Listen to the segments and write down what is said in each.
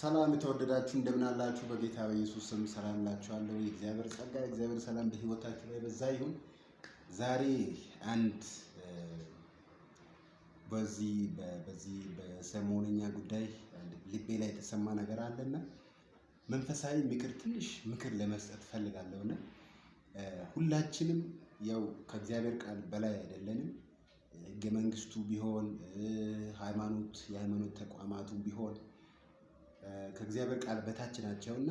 ሰላም የተወደዳችሁ እንደምናላችሁ በጌታ በኢየሱስ ስም ሰላም ላችኋለሁ። የእግዚአብሔር ጸጋ የእግዚአብሔር ሰላም በህይወታችሁ ላይ በዛ ይሁን። ዛሬ አንድ በዚህ በዚህ በሰሞነኛ ጉዳይ ልቤ ላይ የተሰማ ነገር አለና መንፈሳዊ ምክር ትንሽ ምክር ለመስጠት ፈልጋለሁና ሁላችንም ያው ከእግዚአብሔር ቃል በላይ አይደለንም። ህገ መንግስቱ ቢሆን ሃይማኖት የሃይማኖት ተቋማቱ ቢሆን ከእግዚአብሔር ቃል በታች ናቸው እና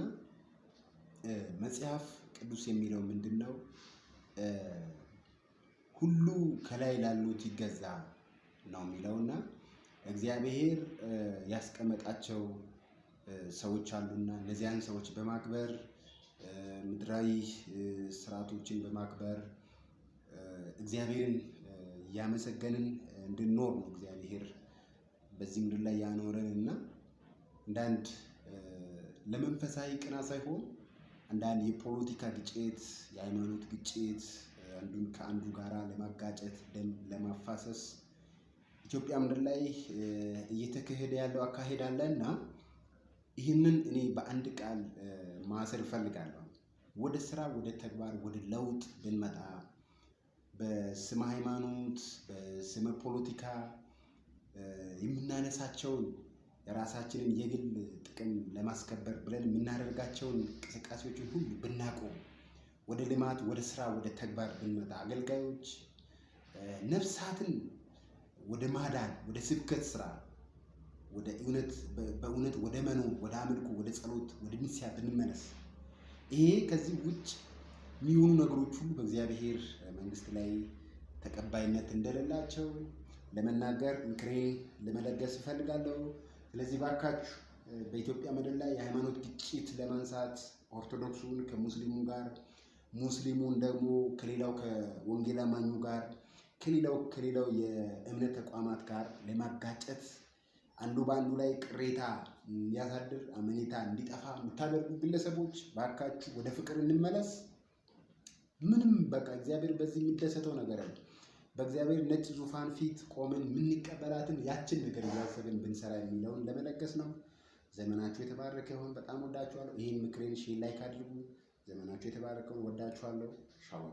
መጽሐፍ ቅዱስ የሚለው ምንድን ነው? ሁሉ ከላይ ላሉት ይገዛ ነው የሚለው እና እግዚአብሔር ያስቀመጣቸው ሰዎች አሉና እነዚያን ሰዎች በማክበር ምድራዊ ስርዓቶችን በማክበር እግዚአብሔርን እያመሰገንን እንድንኖር ነው እግዚአብሔር በዚህ ምድር ላይ ያኖረን እና አንዳንድ ለመንፈሳዊ ቅና ሳይሆን አንዳንድ የፖለቲካ ግጭት፣ የሃይማኖት ግጭት አንዱን ከአንዱ ጋራ ለማጋጨት ደም ለማፋሰስ ኢትዮጵያ ምድር ላይ እየተካሄደ ያለው አካሄድ አለ እና ይህንን እኔ በአንድ ቃል ማሰር እፈልጋለሁ። ወደ ስራ፣ ወደ ተግባር፣ ወደ ለውጥ ብንመጣ በስመ ሃይማኖት፣ በስመ ፖለቲካ የምናነሳቸውን የራሳችንን የግል ጥቅም ለማስከበር ብለን የምናደርጋቸውን እንቅስቃሴዎችን ሁሉ ብናቆም፣ ወደ ልማት፣ ወደ ስራ፣ ወደ ተግባር ብንመጣ አገልጋዮች ነፍሳትን ወደ ማዳን፣ ወደ ስብከት ስራ፣ ወደ እውነት በእውነት ወደ መኖር፣ ወደ አምልኮ፣ ወደ ጸሎት፣ ወደ ንስያ ብንመለስ ይሄ ከዚህ ውጭ የሚሆኑ ነገሮች ሁሉ በእግዚአብሔር መንግስት ላይ ተቀባይነት እንደሌላቸው ለመናገር ምክሬ ለመለገስ እፈልጋለሁ። ስለዚህ ባካችሁ በኢትዮጵያ ምድር ላይ የሃይማኖት ግጭት ለማንሳት ኦርቶዶክሱን ከሙስሊሙ ጋር ሙስሊሙን ደግሞ ከሌላው ከወንጌል አማኙ ጋር ከሌላው ከሌላው የእምነት ተቋማት ጋር ለማጋጨት አንዱ በአንዱ ላይ ቅሬታ የሚያሳድር አመኔታ እንዲጠፋ የምታደርጉ ግለሰቦች ባካችሁ ወደ ፍቅር እንመለስ። ምንም በቃ እግዚአብሔር በዚህ የሚደሰተው ነገር አለ። በእግዚአብሔር ነጭ ዙፋን ፊት ቆመን የምንቀበላትን ያችን ነገር እያሰብን ብንሰራ የሚለውን ለመለገስ ነው። ዘመናችሁ የተባረከ ይሆን። በጣም ወዳችኋለሁ። ይህን ምክሬን ሼር ላይክ አድርጉ። ዘመናችሁ የተባረከውን ወዳችኋለሁ። ሻው